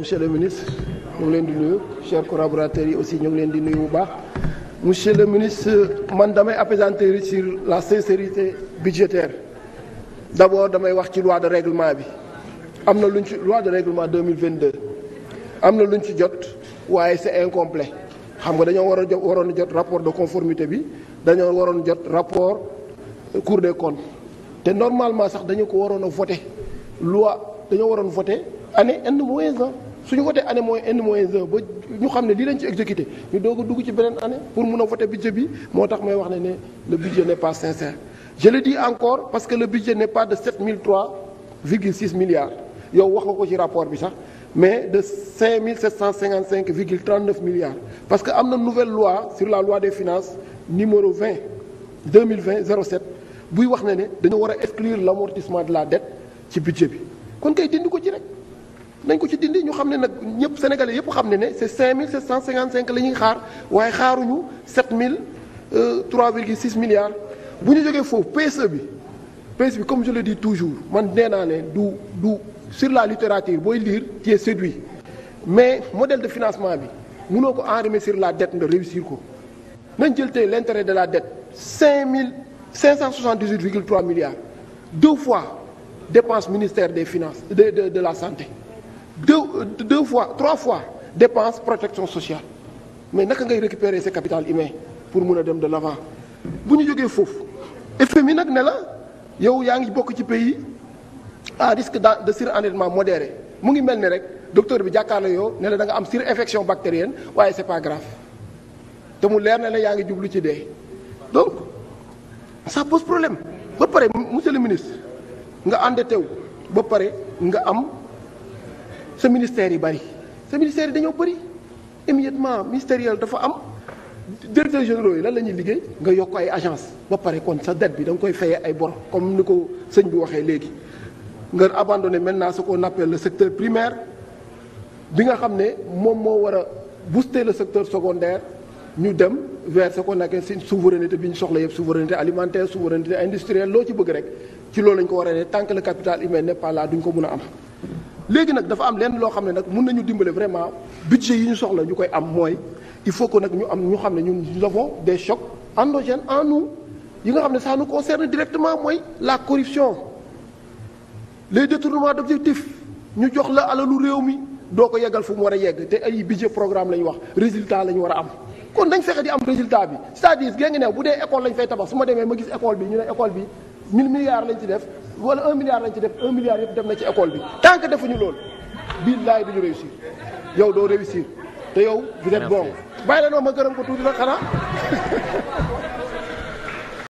monsieur le ministre ñu ngi leen di nuyu chers collaborateurs yi aussi ñu ngi leen di nuyu bu baax monsieur le ministre man damay appesantir sur la sincérité budgétaire d' abord damay wax ci loi de réglement bi am na luñ ci loi de règlement 2022 am na luñ ci jot waaye c' est incomplet xam nga dañoo war a jot waroon jot rapport de conformité bi dañoo waroon jot rapport euh, cour de comptes te normalement sax dañoo ko waroon a voté loi dañoo waroon voté année end moyenne suñu voté année mooy n moins 1 ba ñu xam ne lii lañ ci exécuté ñu doog a dugg ci beneen année pour mun a voté budget bi moo tax may wax ne ne le budget n'est pas sincère je le dis encore parce que le budget n'est pas de 7003 virgule 6 milliards yow wax nga ko ci rapport bi sax mais de 5755 virgule 39 milliards parce que am na nouvelle loi sur la loi des finances numéro 20 2020 07 buy wax na ne dañoo war a exclure l'amortissement de la dette ci budget bi kon kay dindi ko ci rek nañ ko ci dindi ñu xam ne nag ñëpp sénégalais yëpp xam ne ne c'est 5755 la ñuy xaar waaye xaaruñu 7000 3,6 euh, milliards bu ñu jogee foofu PSE bi PSE bi comme je le di toujours man nee naa ne du du sur la littérature booy lire tu es séduit mais modèle de financement bi munoo ko enrimer sur la dette nga réussir ko nañ jël tey l'intérêt de la dette 5000 578,3 milliards deux fois dépense ministère des finances de de de la santé. deux deux fois trois fois dépense protection sociale mais naka ngay récupérer sa capital humain pour mun a dem de l'avant bu ñu jógee foofu FMI nag ne la yow yaa ngi bokk ci pays à risque de surendettement modéré mu ngi mel ni rek docteur bi jàkkaarloo yow ne la da nga am surinfection bactérienne waaye c'est pas te mu leer na la yaa ngi jublu ci dee donc ça pose problème ba pare monsieur le ministre nga endetté ba pare nga am. sa ministère yi bëri sa ministère yi dañoo bëri émiettement ministériel dafa am directeurs généraux yi lan la ñuy liggéey nga yokk ay agence ba pare kon sa dette bi da nga koy fayee ay bor comme ni ko sëñ bi waxee léegi nga abandonné maintenant sa ko appelle le secteur primaire bi nga xam ne moom moo war a booster le secteur secondaire ñu dem vers ce qu'on appelle une souveraineté bi ñu soxla yëpp souveraineté alimentaire souveraineté industrielle loo ci bëgg rek ci loolu ko war a ne tant que le capital duñ ko mun am léegi nag dafa am lenn loo xam ne nag mun nañu dimbale vraiment budget yi ñu soxla ñu koy am mooy il faut que nag ñu am ñu xam ne ñun nous avons des chocs endogènes en nu yi nga xam ne ça nous concerne directement mooy la corruption les détournements d'objectifs ñu jox la alalu réew mi doo ko yeggal fu mu war a yegg te ay budget programme la ñu wax résultat lañu war a am kon dañ fexe di am résultat bi c'est-à-dire gée ngi new bu dee école lañ fay tabax su demee ma gis école bi ñu ne école bi 1000 milliards lañ ci def wala un milliard lañ ci def un milliard yëpp dem na ci école bi tant que defuñu loolu billaay duñu réussir yow doo réussir te yow. vous êtes bon bàyyi leen ma gërëm ko tuuti nag xanaa.